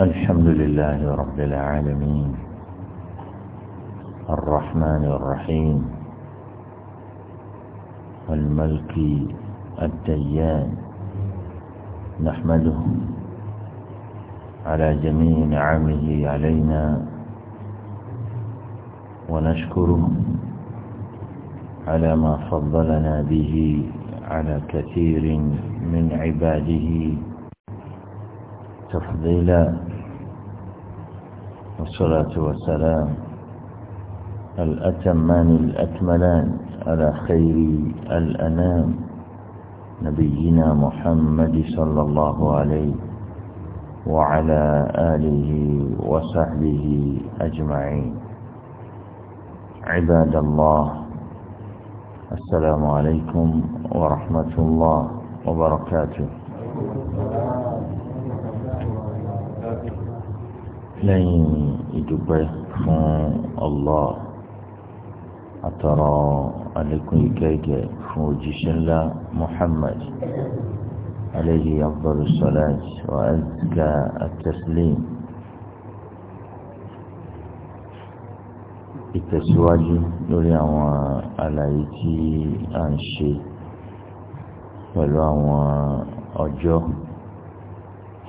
الحمد لله رب العالمين الرحمن الرحيم الملك الديان نحمده على جميع نعمه علينا ونشكره على ما فضلنا به على كثير من عباده تفضيلا والصلاة والسلام الأتمان الأكملان على خير الأنام نبينا محمد صلى الله عليه وعلى آله وصحبه أجمعين عباد الله السلام عليكم ورحمة الله وبركاته لن ìdúpẹ́ fún Allah àtọ̀rọ̀ àlékún ìkẹ́kẹ́ fún òjíṣẹ́ ńlá Muhammad alayhi afdalu salat wa azka at-taslim ìtẹ̀síwájú lórí àwọn àlàyé tí a ń ṣe pẹ̀lú àwọn ọjọ́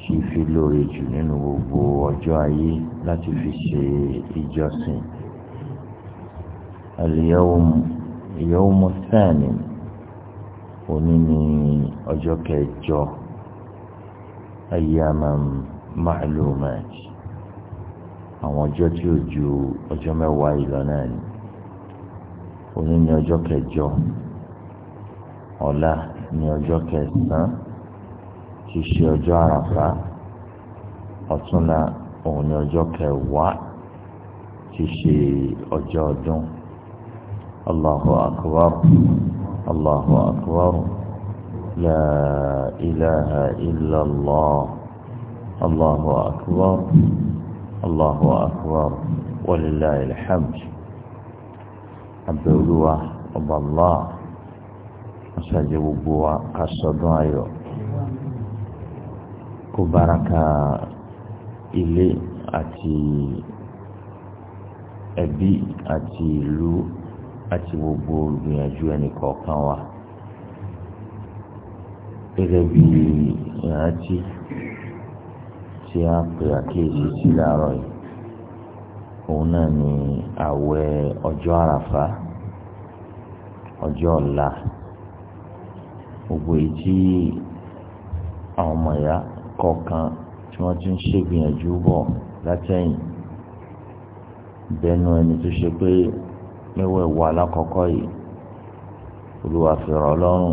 tí fi lóore jù nínú gbogbo ọjọ́ ayé láti fi ṣe ìjọsìn. Al-yawm, yawm ath-thani òní ni ọjọ́ kẹjọ ayyaman ma'lumat àwọn ọjọ́ tí ó ju ọjọ́ mẹ́wàá ìlọ náà ni òní ni ọjọ́ kẹjọ ọ̀la ni ọjọ́ kẹsàn-án tí í ṣe ọjọ́ àràfà ọ̀túnla òun ni ọjọ́ kẹwàá tí í ṣe ọjọ́ ọdún Allahu akbar Allahu akbar la ilaha illallah Allahu akbar Allahu akbar walilayi alhamd abẹ́olúwa ọba allah ọ̀sàjẹ́ gbogbo wa ká sọdún kó baraka ilé àti ẹbí àti ìlú àti gbogbo gbìyànjú ẹnì kọ̀ọ̀kan wa gẹ́gẹ́ bí ìrántí tí a pè àkíyèsí sí láàárọ̀ yìí òun náà ni àwẹ̀ ọjọ́ àràfá ọjọ́ ọ̀la gbogbo èyí tí àwọn ọmọ ya kọ̀ọ̀kan tí wọ́n ti ń ṣègbìyànjú bọ̀ látẹ̀yìn bẹ́ẹ̀nu ẹni tó ṣe pé mẹ́wàá ìwà alákọ̀ọ́kọ́ yìí olúwa ọlọ́run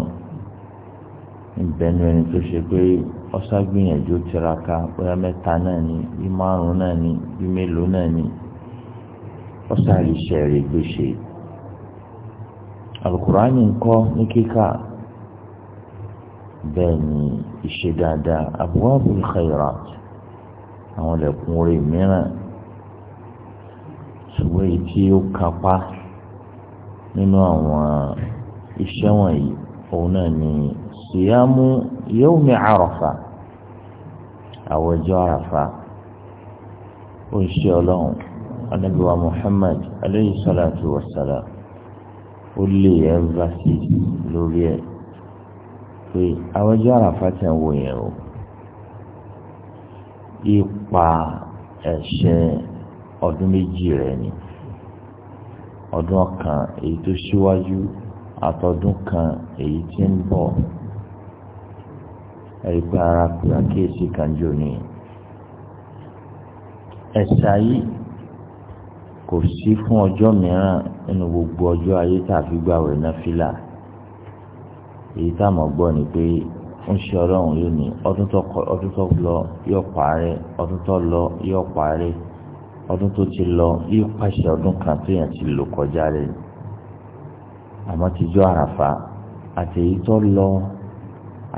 ìbẹ́ẹ̀nu ẹni tó ṣe pé ọ̀sá gbìyànjú tiraka bóyá mẹ́ta náà ni bí márùn-ún náà ni bí mélòó náà ni bẹ́ẹ̀ ni ìṣe dáadáa abwabul khairat àwọn ilẹ̀kùn orí mìíràn ṣùgbọ́n èyí tí ó kápá nínú àwọn iṣẹ́ wọ̀nyí òun náà ni siyamu yawmi Arafa àwọn ọjọ́ Arafa ó ń ṣe ọlọ́run anabiwa Muhammad aleyhi salatu wa salam ó lè ẹ́ ń bá sí lórí ẹ̀ pé àwọn ọjọ́ àràfà tẹ̀ wọ yẹn o ipa ẹ̀ṣẹ̀ ọdún méjì rẹ̀ ni ọdún kan èyí tó ṣíwájú àtọdún kan èyí tí ń bọ̀ ẹ̀rí pé ara pé àkíyèsí kan jò ní ẹ̀ṣà yìí kò sí fún ọjọ́ mìíràn nínú gbogbo ọjọ́ ayé tàbí gbàwẹ̀ náà fìlà èyí tá a mọ̀ gbọ́ ni pé ń ṣe ọlọ́run yóò ní ọdún tó lọ yóò parẹ́ ọdún tó lọ yóò parẹ́ ọdún tó ti lọ yóò pàṣẹ ọdún kan tó yàn ti lò kọjá rẹ̀ àmọ́ tijọ́ àràfà àti èyí tó lọ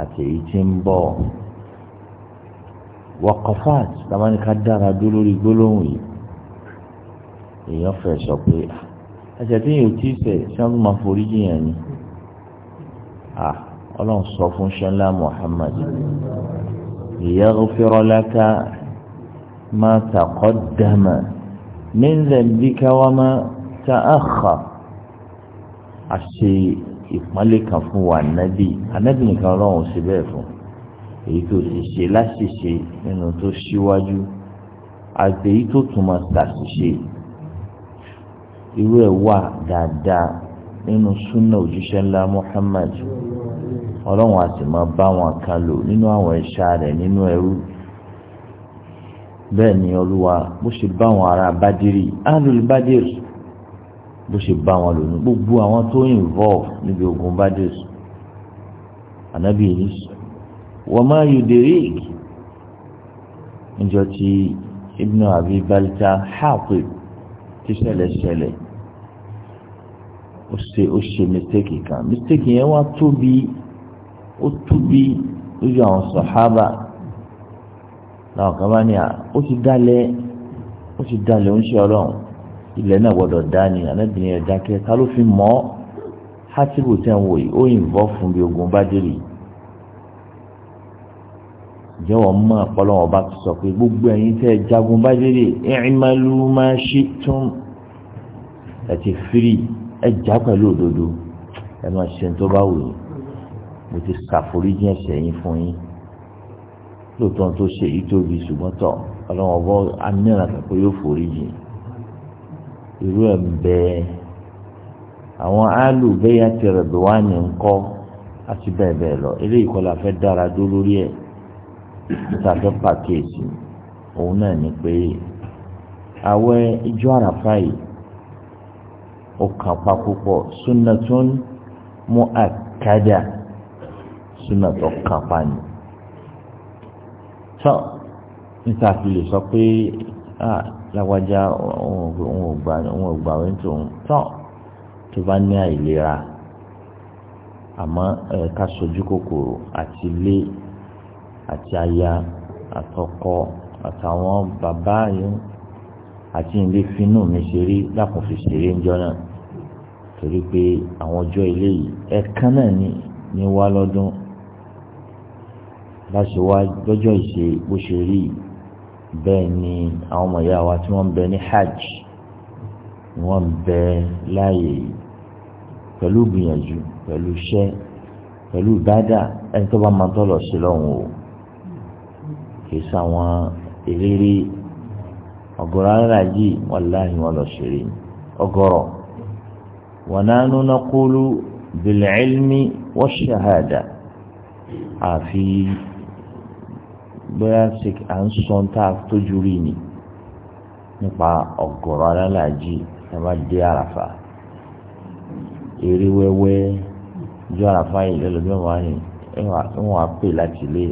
àti èyí tí ń bọ̀ wakọfat lamani ka dára dúró lórí gbólóhùn yìí èèyàn fẹ́ sọ pé àṣẹ ah, tí yóò tí ì fẹ́ ṣáà máa forí jìyàn ni à ọlọ́run sọ fún ṣẹlá Muhammad yaghfir laka ma taqaddama min dhanbika wa ma ta'akhkhar àṣe ìpọ́nlé kan fún wa nábì anábì nìkan ọlọ́run ṣe bẹ́ẹ̀ fún èyí tó ti ṣe láṣìṣe nínú tó ṣíwájú àti èyí tó tún máa ṣàṣìṣe irú ẹ̀ wà dáadáa nínú súnà òjíṣẹ́ ńlá Muhammad ọlọ́run àti máa bá wọn kan lò nínú àwọn ẹ̀ṣá rẹ̀ nínú ẹrú bẹ́ẹ̀ ni olúwa bó ṣe bá wọn ará bádìrì áàlùlù bádìrì bó ṣe bá wọn lò ní gbogbo àwọn tó involve níbi ogun bádìrì ànábì yìí wọ́n máa yù dèrè níjọ tí ibnu abi balita hafi ti ṣẹlẹ̀ ṣẹlẹ̀ ó ṣe mistake kan mistake yẹn wá tóbi ó tóbi lójú àwọn sọ̀hábà làwọn kan bá ní à ó ti dálẹ̀ ó ti dálẹ̀ ó ń ṣe ọlọ́run ilẹ̀ náà gbọ́dọ̀ dá ni anábìnrin ẹ̀ dákẹ́ ta ló fi mọ́ hátìbù tẹ̀ ń wò yìí ó yìnbọn fún bí ogun bá délé jẹ́wọ́ mọ́ ọ̀pọ̀lọ́wọ́ bá ti sọ pé gbogbo ẹ̀yin tẹ́ jagun bá délé i'malu ma shi'tum ẹ̀ ti firi ẹ jà pẹ̀lú òdodo ẹ máa ṣe tó bá wù yín mo ti ṣàforíjì ẹ̀ṣẹ̀ yín fún yín lóòótọ́ tó ṣe èyí tóbi ṣùgbọ́n tọ̀ ọlọ́wọ́ bọ́ anílẹ̀ àtàkùn yóò foríjì irú ẹ̀ ń bẹ àwọn alùbẹ́yà ti rẹ̀ bí wàá ní nkọ́ àti bẹ́ẹ̀ bẹ́ẹ̀ lọ eléyìí kọ́ la fẹ́ dára dó lórí ẹ̀ níta fẹ́ pàkíyèsí òun náà ni pé àwẹ̀ ìjọ àràfáà yìí ó kàn pa púpọ̀ sunnatun mu'akkada sunnatun kàn pa ni. tọ́ níta fi lè sọ pé lágbájá òun ò gbà òun ò gbà wẹ́n tó ń tọ́ tó bá ní àìlera àmọ́ ẹ̀ka sojú kòkòrò àti ilé àti aya àtọkọ àtàwọn bàbá yìí àti ìlé finú mi ṣeré lákùnfin ṣeré ńjọ náà torí pé àwọn ọjọ́ ilé yìí ẹ̀ẹ̀kan náà ni ní wá lọ́dún bá ṣe wá lọ́jọ́ ìṣe bó ṣe rí bẹ́ẹ̀ ni àwọn ọmọ ìyá wa tí wọ́n ń bẹ ní hajj ni wọ́n ń bẹ láàyè pẹ̀lú gbìyànjú pẹ̀lú iṣẹ́ pẹ̀lú ìbádà ẹni tó bá máa tọ́lọ̀ sí lọ́hùn o kìí sáwọn ìrírí ọ̀gọ̀rọ̀ aráàlú yìí wọ́n láàyè wọn lọ ṣeré ọgọ́rọ̀. ونحن نقول بالعلم والشهادة àfi bóyá à ń sọ tá a tójú rí ni nípa ọ̀gọ̀rọ̀ alálàájì ẹ má dé àràfà eré wẹ́wẹ́ ju àràfà yìí lẹ́lọ́dún wa ni ẹ wọ́n á pè láti lé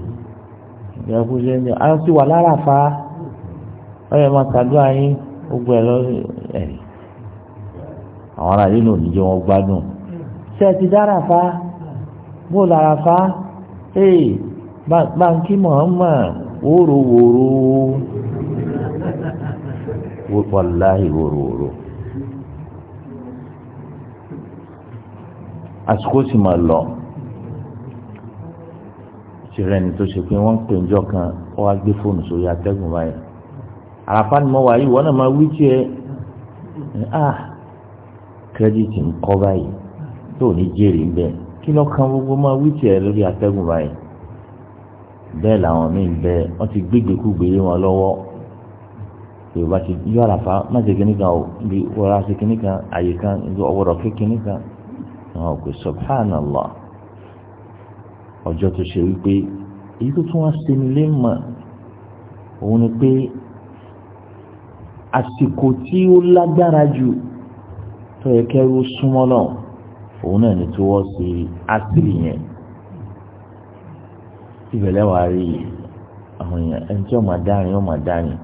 ìyá kó ṣe ń jẹ́ àwọn ti wà láràfà ọ̀yẹ́ máa tàdúrà yín gbogbo ẹ̀ lọ́rùn ẹ̀ àwọn ará yìí lòdì jẹ́ wọn gbádùn ṣe ti dára fa bó lára fa ee báńkì Muhammad wóróworó wàláhì wóróworó àsìkò sì máa lọ ṣẹlẹ̀ ní tó ṣe pé wọ́n ń pè njọ́ kan ó wá gbé fóònù sórí atẹ́gùn báyìí àràfà ni mo wà yìí wọ́n náà máa wí tiẹ̀ ah kírẹ́dìtì ń kọ́ báyìí tó ní jèrè ń bẹ kí lọ́kàn gbogbo máa wí tiẹ̀ lórí atẹ́gùn báyìí bẹ́ẹ̀ làwọn míì bẹ wọ́n ti gbégbé kú gbèrè wọn lọ́wọ́ yorùbá ti yọ àràfà má ṣe kíní kan o bí wọ́n ra ṣe kíní kan àyè kan ọwọ́dọ̀ ké kíní kan àwọn òkè subhanallah ọjọ́ tó ṣe wípé èyí tó tún wá ṣe ní lé mọ̀ òun ni pé àsìkò tí ó lágbára jù tó yẹ kẹ́rú súnmọ́ náà òun náà ni tí wọ́n ṣe ásìrì yẹn ìbẹ̀lẹ̀ wàá rí àwọn èèyàn ẹni tí ọmọ adárin ọmọ adárin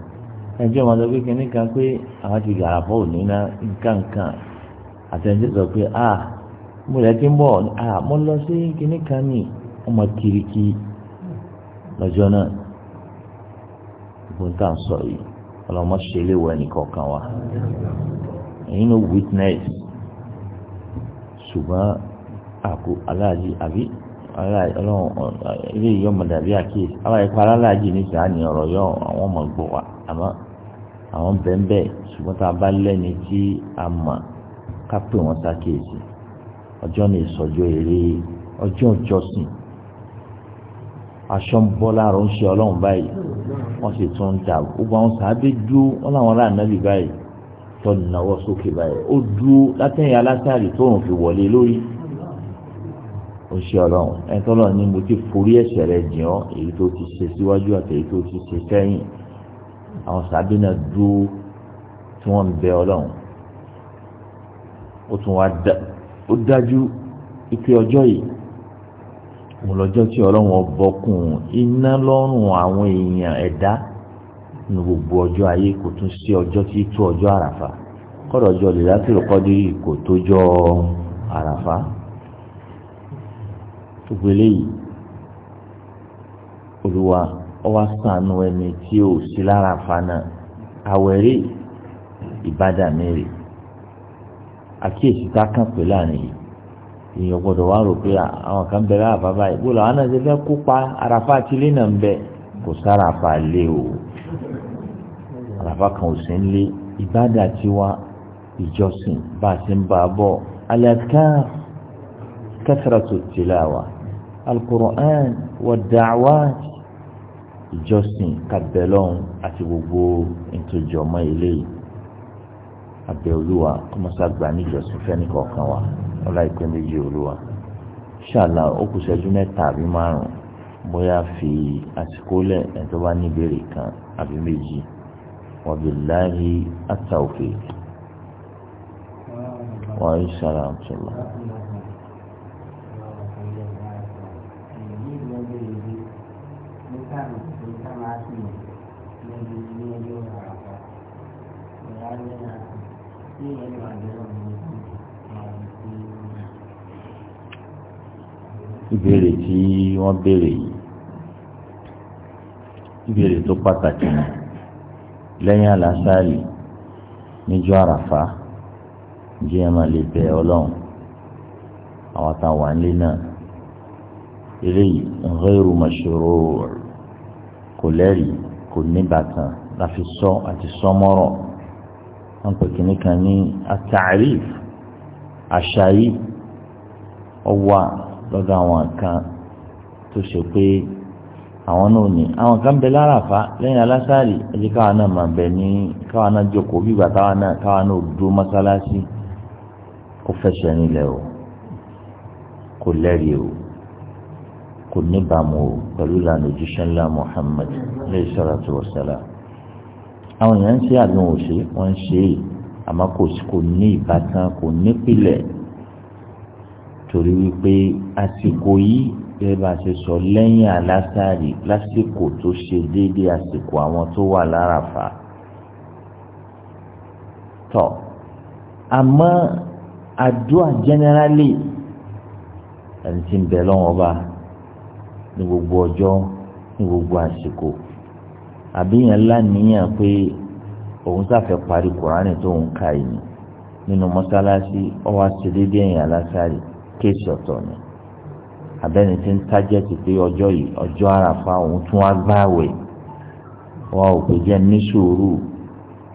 ẹni tí ọmọ sọ pé kínní kan pé àwọn ti gàrà fọ́ òní ná nǹkan kan àtẹnudẹ sọ pé a mo lẹ ti ń bọ̀ a mo lọ sí kínní kan ní ọmọ kiriki lọ́jọ́ náà ìbùntàn sọ yìí ọlọ́mọ ṣe léwọ ẹnì kọ̀ọ̀kan wa ẹ̀yin ló witness ṣùgbọ́n àpò aláàjì àbí ọlọ́run ilé ìyọ́ mọ̀dàbí àkíyèsí àwọn ẹ̀kọ́ aláàjì ní sàánì ọ̀rọ̀ yọ àwọn ọmọ gbọ̀ wá àmọ́ àwọn bẹ́ẹ̀ ṣùgbọ́n tá a bá lẹ́ni tí a mọ̀ ká pè wọ́n ṣàkíyèsí ọjọ́ ní ìsọjọ́ eré ọjọ́ ìjọsìn aṣọ ń bọ́ láàrọ̀ ń ṣe ọlọ́run báyìí wọ́n sì tún ń dà gbogbo àwọn sàábé dúró wọn làwọn ará báyìí tó nàwọ́ sókè báyìí ó dúró látẹ̀yìn alásàrì tó òun fi wọlé lórí ó ṣe ọlọ́run ẹ tọ́lọ́ ni mo ti forí ẹ̀ṣẹ̀ rẹ jìn ọ́ èyí tó ti ṣe síwájú àti èyí tó ti ṣe sẹ́yìn àwọn sàbí náà dúró tí wọ́n ń bẹ ọlọ́run ó tún wá ó dájú ipe ọjọ́ yìí òun lọ́jọ́ tí ọlọ́run ọbọ̀kùn iná lọ́rùn àwọn èèyàn ẹ̀dá. E nu gbogbo ọjọ́ ayé kò tún sí ọjọ́ tí tó ọjọ́ àràfà kọ́dọ̀ ọjọ́ lèlátìrò kọ́dí kò tó jọ àràfà gbogbo eléyìí olùwà ọwọ́ sànù ẹni tí ò sí lára àfa náà àwẹ̀rẹ̀ ìbàdàn mẹ́rin àkíyèsí tá a kàn pé láàrin yìí èèyàn gbọ́dọ̀ wá rò pé àwọn kan bẹ̀rẹ̀ àbá báyìí bó làwọn náà ṣe fẹ́ kópa àràfà àti ilé náà ń bẹ kò sára àfa lé o àràfà kan ò sí nílé ìbádà tiwa ìjọsìn bá a ti ń bá a bọ̀ al-adhkar kathratu tilawa al-Qur'an wa da'awat ìjọsìn kàbẹ̀lọ́hún àti gbogbo ìtòjọ́mọ́ eléyìí abẹ́ olúwa kọ́mọ́sá gbà níjọsìn fẹ́ni kọ̀ọ̀kan wa ọlá ìpín méjì olúwa ṣàlà ó kù ṣẹ́jú mẹ́ta àbí márùn-ún bóyá fi àsìkò lẹ̀ ẹ̀ tó bá ní ìbéèrè kan àbí méjì. وبالله التوفيق والسلام عليكم الله ìbéèrè tí wọ́n béèrè yìí ìbéèrè tó pàtàkì náà lẹ́yìn àlásàrì níjọ́ àràfà jí ẹ máa lè bẹ̀ ọlọ́run àwọn àtàwọn àńlé náà eléyìí ghayru mashru' kò lẹ́rìí kò níbàtàn láfi sọ àti sọmọ́rọ̀ wọn pè kínní kan ní at-ta'rif àṣà lọ́dọ̀ àwọn kan tó ṣe pé àwọn náà ní àwọn kan bẹ láràfá lẹ́yìn alásàrì ẹjẹ káwa náà máa bẹ ní káwa náà jókòó bí ìgbà káwa náà káwa náà dúró mọ́sálásí ó fẹsẹ̀ nílẹ̀ o kò lẹ́rìí o kò níbàámu o pẹ̀lú ìlànà òjíṣẹ́ ńlá Muhammad lẹ́yìn sọ́ra tó wọ́sẹ̀lá àwọn èèyàn ń ṣe àdúgbò ṣe wọ́n ń ṣe é àmọ́ kò kò ní ìbátan kò nípìlẹ̀ torí wípé àsìkò yìí gẹ́gẹ́ bá a ṣe sọ lẹ́yìn àlásàrì lásìkò tó ṣe déédéé àsìkò àwọn tó wà láràfà tọ́ àmọ́ àdúrà jẹ́nẹ́rálì ẹni tí ń bẹ lọ́wọ́ bá ní gbogbo ọjọ́ ní gbogbo àsìkò àbíyàn láníyàn pé òun sáfẹ́ parí kùránì tó ń ka yìí nínú mọ́sálásí ọwọ́ àti déédéé ẹ̀yìn àlásàrì kéèsì ọ̀tọ̀ ni abẹ́ni tí ń tájẹ́tì pé ọjọ́ yìí ọjọ́ àràfà òun tún wá gbààwẹ̀ wọn ò pè jẹ́ ní sùúrù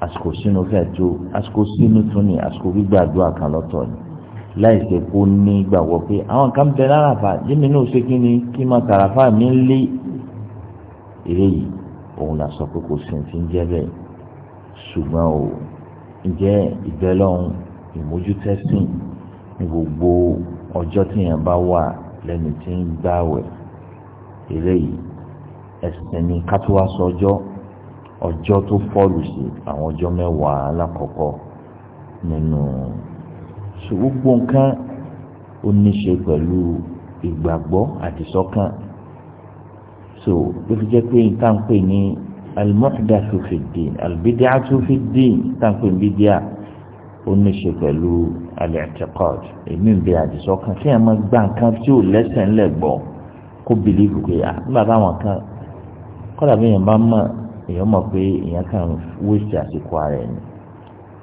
àsìkò sínú fẹ́ tó àsìkò sínú tún ní àsìkò gbígbàdúrà kan lọ́tọ̀ ni láì ṣe kó ní gbàgbọ́ pé àwọn kan bẹ láràfà yémi náà ṣe kí ni kí máa tàràfà mi ń lé eré yìí òun là sọ pé kò sí ti ń jẹ́ bẹ́ẹ̀ ṣùgbọ́n o ǹjẹ́ ìbẹ́lọ́hún ìmójútẹ́sìn ní gbogbo ọjọ́ tíyẹn bá wà lẹ́ni tí ń gbààwẹ̀ eléyìí ẹ̀sìn ní kátówásọ ọjọ́ ọjọ́ tó fọ́ọ̀lù sí àwọn ọjọ́ mẹ́wàá alákọ̀ọ́kọ́ nínú gbogbo nǹkan ó ní ṣe pẹ̀lú ìgbàgbọ́ àdìsọ́kàn so ló fi jẹ́ pé nǹkan ní al-muhdathu fi ddin al-bid'atu fi ddin nǹkan ní bídíà ó ní ṣe pẹ̀lú al-i'tiqad èmi ń bẹ àdìsọ́kàn kí ẹ̀ máa gba nǹkan tí ò lẹ́sẹ̀ ńlẹ̀ gbọ́ kó bìlíìfù pé nígbà táwọn kan kọ́dà bí èèyàn bá mọ̀ èèyàn mọ̀ pé èèyàn kàn wéṣì àsìkò ara ẹ̀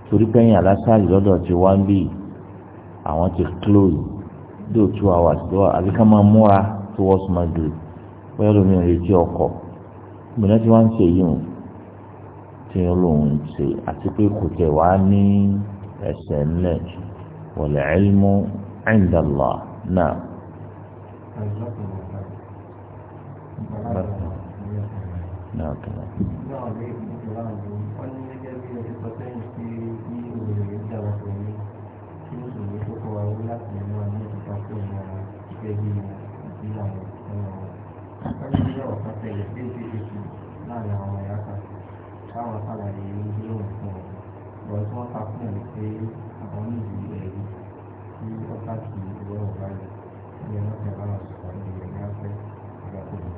torí pé ẹ̀yìn alásàlì lọ́dọ̀ ti wá ń bì àwọn ti close dé òtú àwọn àtijọ́ àbí ká máa múra towards Maghrib bóyá lómi ò retí ọkọ̀ gbìnà tí wọ́n ń ṣe yìí ń ṣe àti pé kò tẹ̀ wá ní. السنة والعلم عند الله نعم نعم Thank ọ̀rọ̀ tí wọ́n ta fún ẹ̀ pé àwọn oníbi ẹ̀rí tí ọ̀tá kì í wọ́n wọ̀ báyìí ní ẹ̀rọ tẹ̀ bá wọn sọ̀rọ̀ ní ìrìn afẹ́ ìgbàkúrò.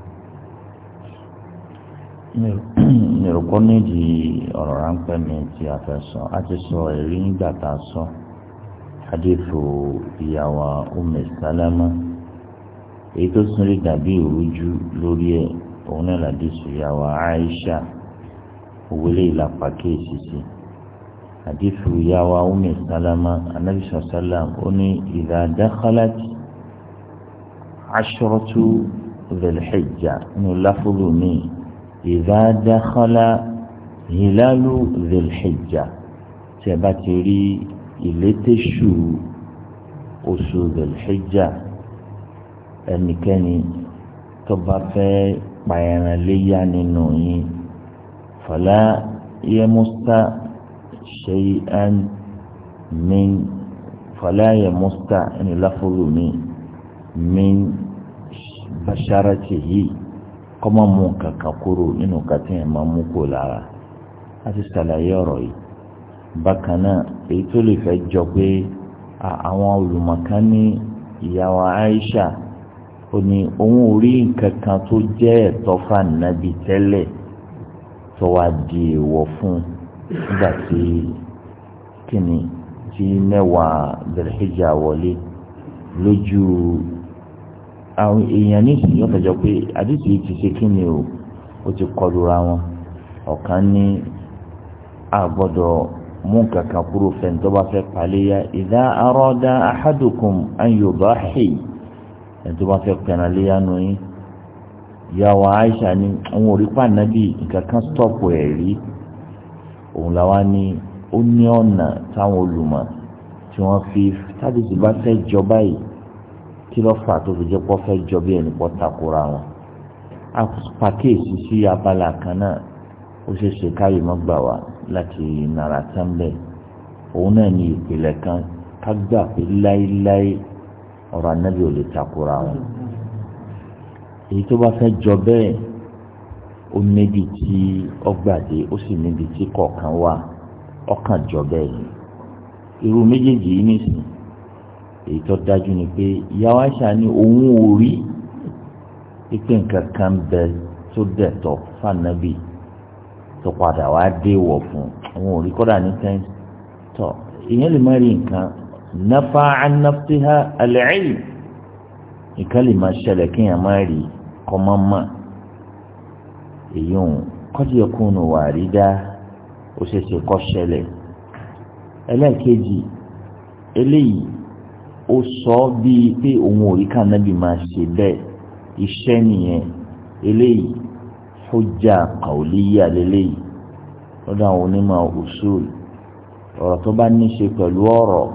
mi ò kọ́ nídìí ọ̀rọ̀ ráńpẹ́ mi tí a fẹ́ sọ a ti sọ èrí nígbà tá a sọ hadithu ìyàwó Umu Salama èyí tó sún lè dàbí ìrújú lórí ẹ̀ òun náà làdí sùn ìyàwó Aisha òwe lè là àdìsù yàwá umi sálámà anabi sàlám ó ní idha dakhalat ashratu zèlhijjà nínú láfúlù mi idha dakhala hilalu zèlhijjà tí a bá ti rí ìlétésù oṣù zèlhijjà ẹnikẹ́ni tó bá fẹ́ pààyàn léyà nínú yín fala yẹmusa شيئا من فلا يمس يعني لفظ من من بشرته kọ́mọ́ mú kankan kúrò nínú kàtẹ́yìn máa mú kó lára láti ṣàlàyé ọ̀rọ̀ yìí bákan náà èyí tó lè fẹ́ jọ pé àwọn olùmọ̀kan ní ìyàwó Aisha ó ní òun ò rí nǹkan kan tó jẹ́ ẹ̀tọ́ fànàbí tẹ́lẹ̀ tó wá di èèwọ̀ fún un nígbà tí kìnnì tí mẹ́wàá Dhul-Hijjah wọlé lójú àwọn èèyàn nísìnyí wọ́n fẹjọ́ pé àdìsí ti ṣe kìnnì o ó ti kọlura wọn ọ̀kan ní àgbọ́dọ̀ mú kankan kúrò fẹ́ni tó bá fẹ́ paléyà idha arada ahadukum an yudahi ẹni tó bá fẹ́ pẹ̀nàléyà nù yín yàwó Aisha ni àwọn òrípa nàbí nǹkan kan stọ́pù ẹ̀ rí òun làwa ní ó ní ọ̀nà táwọn olùmọ̀ tí wọ́n fi tábìsì bá fẹ́ jọ báyìí kí ló fà tó fi jẹ́ pọ́ fẹ́ jọ bí ẹnì pọ́ takora wọn. a pàkíyèsí sí abala kan náà ó ṣe ṣe káyọ̀ mọ́ gbà wá láti nàrà tẹ́ḿbẹ̀ òun náà ní ìpìlẹ̀ kan ká gbà pé láéláé ọ̀rọ̀ ànábì ò lè takora wọn. èyí tó bá fẹ́ jọ bẹ́ẹ̀ ó níbi tí ọgbàdé ó sì níbi tí kọ̀ọ̀kan wà ka jọ bẹ́ẹ̀ ni irú méjèèjì yìí nìsín èyí tó dájú ni pé ìyàwó àṣà ni òun ò rí pípé nǹkan kan bẹ tó dẹ̀tọ̀ fànàbì tó padà wá dé wọ̀ fún òun ò rí kọ́dà ní tẹ́ǹ tọ̀ ìyẹn lè má rí nǹkan nafa anafsiha alẹ́ ẹ̀yìn nǹkan lè má ṣẹlẹ̀ kéèyàn má rí kọ́ ma ma. èyí ń kọ́jú ẹkùnù wà rí dá ó ṣe ṣe kọ́ ṣẹlẹ̀ ẹlẹ́ẹ̀kejì eléyìí ó sọ ọ́ bíi pé òun ò rí kànábì máa ṣe bẹ́ẹ̀ iṣẹ́ nìyẹn eléyìí hujja qawliya lélẹ́yìí lọ́dọ̀ àwọn onímọ̀ usul ọ̀rọ̀ tó bá ní ṣe pẹ̀lú ọ̀rọ̀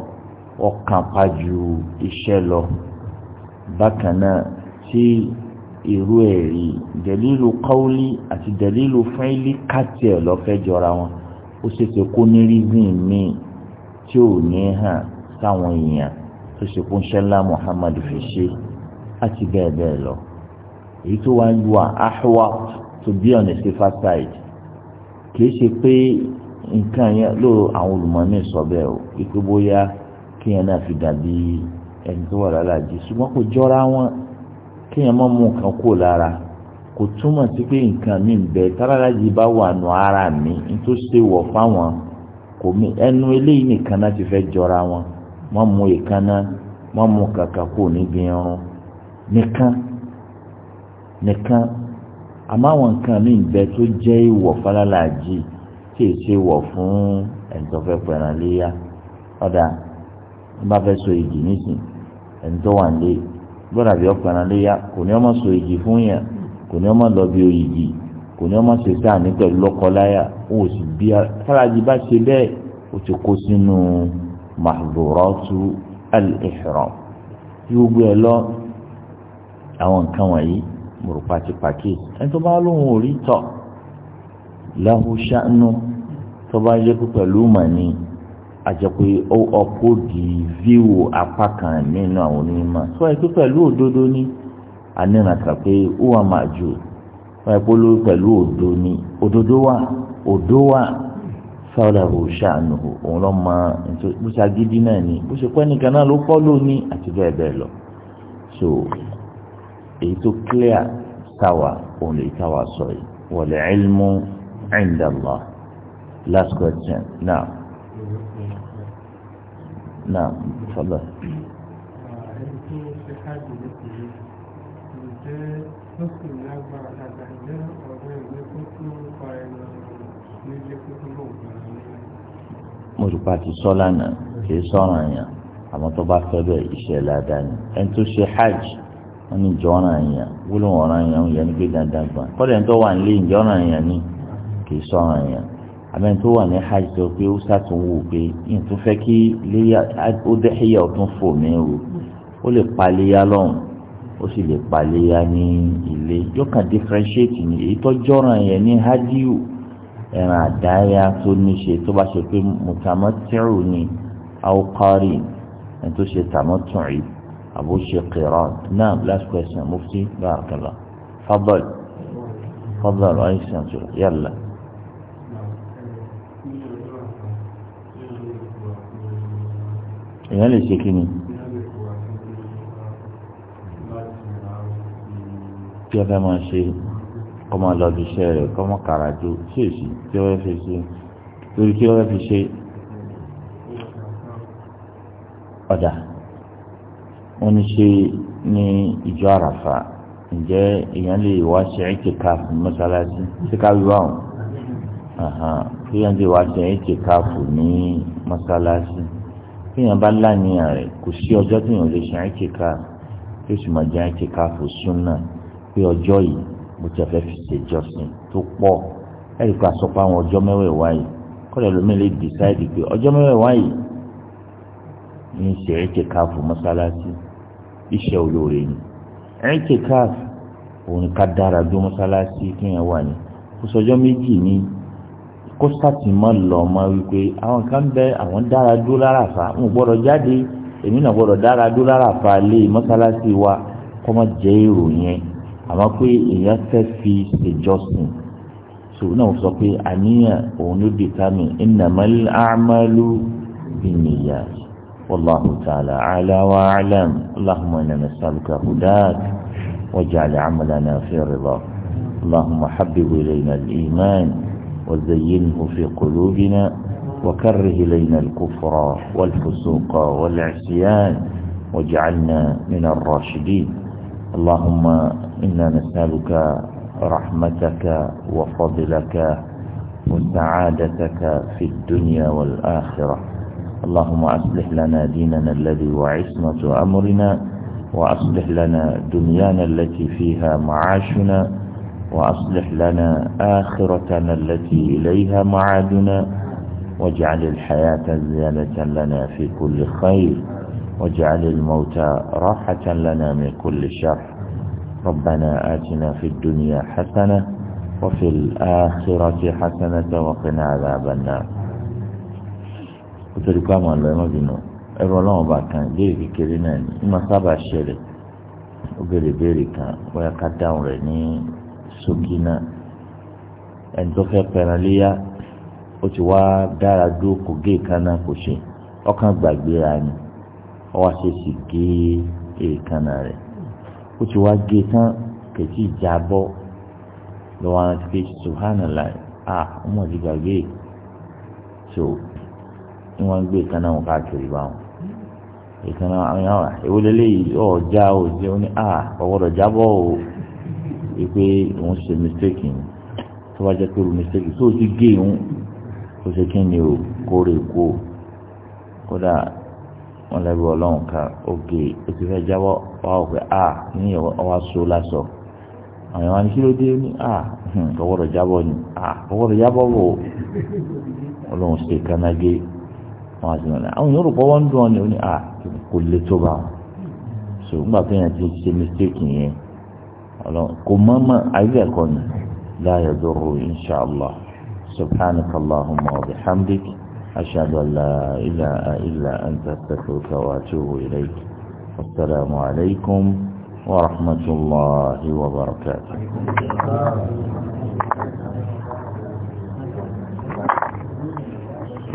ọkàn pa ju iṣẹ́ lọ bákan náà tí irú ẹ̀rí dẹ̀lílù kọ́ọ̀lì àti dẹ̀lílù fáìlì kàtì ẹ̀ lọ́fẹ́ jọra wọn ó ṣeéṣe kó ní rízìn míì tí ò ní hàn sáwọn èèyàn tó ṣe kó ń ṣẹlá Muhammad fi ṣe àti bẹ́ẹ̀ bẹ́ẹ̀ lọ èyí tó wá ń lu àhùwà to be on the safer side kì í ṣe pé nǹkan yẹn ló àwọn olùmọ̀ọ́nì sọ bẹ́ẹ̀ o ìpè bóyá náà fi dàbí ẹni tó wà lálàjì ṣùgbọ́n kò jọra wọn. kéèyàn má mú nǹkan kó lára kò túmọ̀ sí pé nǹkan mi ń bẹ tálálájì bá wà nù ara mi nítorí ṣe wọ̀ fáwọn kò mí ẹnu eléyìí nìkan náà ti fẹ́ jọra wọn má mú ìkànnà má mú kàkà kó níbi irun nìkan nìkan àmọ́ àwọn nǹkan mi ń bẹ tó jẹ́ ìwọ̀ fálálájì tí èyí ṣe wọ̀ fún ẹ̀ńtọ́fẹ́ pẹ̀rànléyà ọ̀dà ń bá fẹ́ so ìdí nísìn ẹ̀ńtọ́ wà ń lé yìí. gbọ́dọ̀ àbí ọkàn àléyá kò ní ọmọ sọ èjì fún yàn kò ní ọmọ lọ bí òyìgì kò ní ọmọ ṣèṣe àní pẹ̀lú lọ́kọláyà ó sì bí a fáradì bá ṣe bẹ́ẹ̀ ó ti kó sínú mahduratu al tí gbogbo ẹ lọ àwọn nǹkan wọ̀nyí mòrò pàtìpàkì ẹni tó bá lóun ò tọ̀ lahu sha'nu tó bá yẹ kó pẹ̀lú màní àjẹpé ọkọ di fíwò apá kan nínú àwọn onímọ̀ sọ èké pẹ̀lú òdodo ní anírànkà pé ó wà máa jù wọ́n èpò lórí pẹ̀lú òdo ní òdodo wà òdo wà sáwọ́dà bò ṣàánú òun lọ́ mọ bó ṣe agídí náà ni bó ṣe pẹ́ nìkan náà ló kọ́ lóní àti bẹ́ẹ̀ bẹ́ẹ̀ lọ so èyí tó clear táwa òun lè táwa sọ yìí wal ilmu inda Allah last question now. نعم تفضل mo rò pa ti sọ lánàá kì í sọ̀rọ̀ àyàn àmọ́ tó bá fẹ́ bẹ́ẹ̀ iṣẹ́ ládàá ni ẹni tó ṣe hajj wọ́n ní ìjọ ọ̀ràn wúlò ọ̀ràn àyàn yẹn ní gbé dandan gbà kọ́dà ẹni tó wà nílé ìjọ ọ̀ràn ni kì í sọ̀rọ̀ àyàn àmẹ́ni tó wà ní hajj tó pé ó ṣàtúnwò pé nítorí fẹ́ kí léyà ó dẹ́hìyà ó tún fò mí o ó lè pa léyà lọ́hùn ó sì lè pa léyà ní ilé yóò kàn differentiate ní èyí tó jọ̀ràn yẹn ní hadiu ẹ̀ràn àdáyà tó níṣe tó bá ṣe pé mùtàmọ́tìrù ni àwòkárì ẹni tó ṣe tàmọ́tìrì àbó ṣe qiran náà last question mufti barakallah fadal fadal ọ̀hìn sàn tó yàlla. èèyàn lè ṣe kí ni. tí wọ́n fẹ́ máa ṣe kọ́ máa lọ bí iṣẹ́ rẹ̀ kọ́ máa kàrà ju sí èsì tí wọ́n fẹ́ ṣe lórí kí wọ́n fẹ́ fi ṣe ọ̀dà wọ́n ní ṣe ní ìjọ àràfà ǹjẹ́ èèyàn lè wá ṣe ìtìkáfù mọ́sálásí ṣé ká wíwá ọ̀hún kí èèyàn lè wá ṣe ìtìkáfù ní mọ́sálásí téèyàn bá láàyàn rẹ̀ kò sí ọjọ́ téèyàn lè ṣe àìkíkà tí ó sì máa jẹ́ àìkíkà fún súnà pé ọjọ́ yìí mo ti fẹ́ fi ṣèjọsìn tó pọ̀ ẹ̀rí kó aṣọ pa àwọn ọjọ́ mẹ́wẹ̀ẹ̀wá yìí kọ́lẹ̀ lómi lè dìsáìdì pé ọjọ́ mẹ́wẹ̀ẹ̀wá yìí ní ṣe àìkíkà fún mọ́sálásí iṣẹ́ olóore ni àìkíkà òun ká dára dó mọ́sálásí kéèyàn wà ní kó sọjọ́ méjì ní kó sàtìmọ́ lọ ọmọ wípé àwọn kan bẹ àwọn dára dúró lára fa ń gbọ́dọ̀ jáde èmi náà gbọ́dọ̀ dára dúró lára fa lé mọ́sálásí wa kọ́mọ jẹ́ èrò yẹn àmọ́ pé èèyàn fẹ́ fi ṣèjọsìn tó náà sọ pé àníyàn òun ló dé kámi innamal a'malu binniyat wallahu ta'ala ala wa a'lam allahumma inna nas'aluka hudak waj'al 'amalana fi ridha allahumma habbib ilayna al-iman. وزينه في قلوبنا وكره إلينا الكفر والفسوق والعصيان واجعلنا من الراشدين اللهم إنا نسألك رحمتك وفضلك وسعادتك في الدنيا والآخرة اللهم أصلح لنا ديننا الذي وعصمة أمرنا وأصلح لنا دنيانا التي فيها معاشنا وأصلح لنا آخرتنا التي إليها معادنا واجعل الحياة زيادة لنا في كل خير واجعل الموت راحة لنا من كل شر ربنا آتنا في الدنيا حسنة وفي الآخرة حسنة وقنا عذاب النار nítorí ما àwọn àlọ́ ẹ̀mọ́ bínú ẹ̀rọ ọlọ́run bá kan ìbéèrè kékeré náà ni ìmọ̀ sábà ṣẹlẹ̀ sogi náà ẹni ó ti wá dára dúró kò gé èékánná kò ṣe ọkàn gbàgbéra ni ó wá ṣe sì gé rẹ̀ ó ti wá gé tán kẹ̀tì ìjà lọ́wọ́ àwọn ti fi a ọmọ ti gbàgbé so ni wọ́n gbé wọn káàkiri báwọn àwọn ó wípé òun ṣe mistake ni tó bá jẹ́ pé o mistake tó o ti gé òun e o ṣe kí ni o kórè kó kódà wọn lẹ́bi ọlọ́run kan ó gé o e, ti fẹ́ jábọ́ wá wò pé a ní ọwọ́ so lásọ àwọn ìwà ni kí ló dé ní a kọ́wọ́dọ̀ jábọ́ ni a kọ́wọ́dọ̀ jábọ́ wò ọlọ́run ṣe kánágé wọn e. àti wọn àwọn yòórù pọ̀ wọ́n ń dùn ọ́ ni ó ní a kò lè tó bá wọn so ńgbà tó yẹn ti ṣe mistake yẹn. قمما أيكن لا يضر إن شاء الله سبحانك اللهم وبحمدك أشهد أن لا إله إلا أنت أستغفرك وأتوب إليك السلام عليكم ورحمة الله وبركاته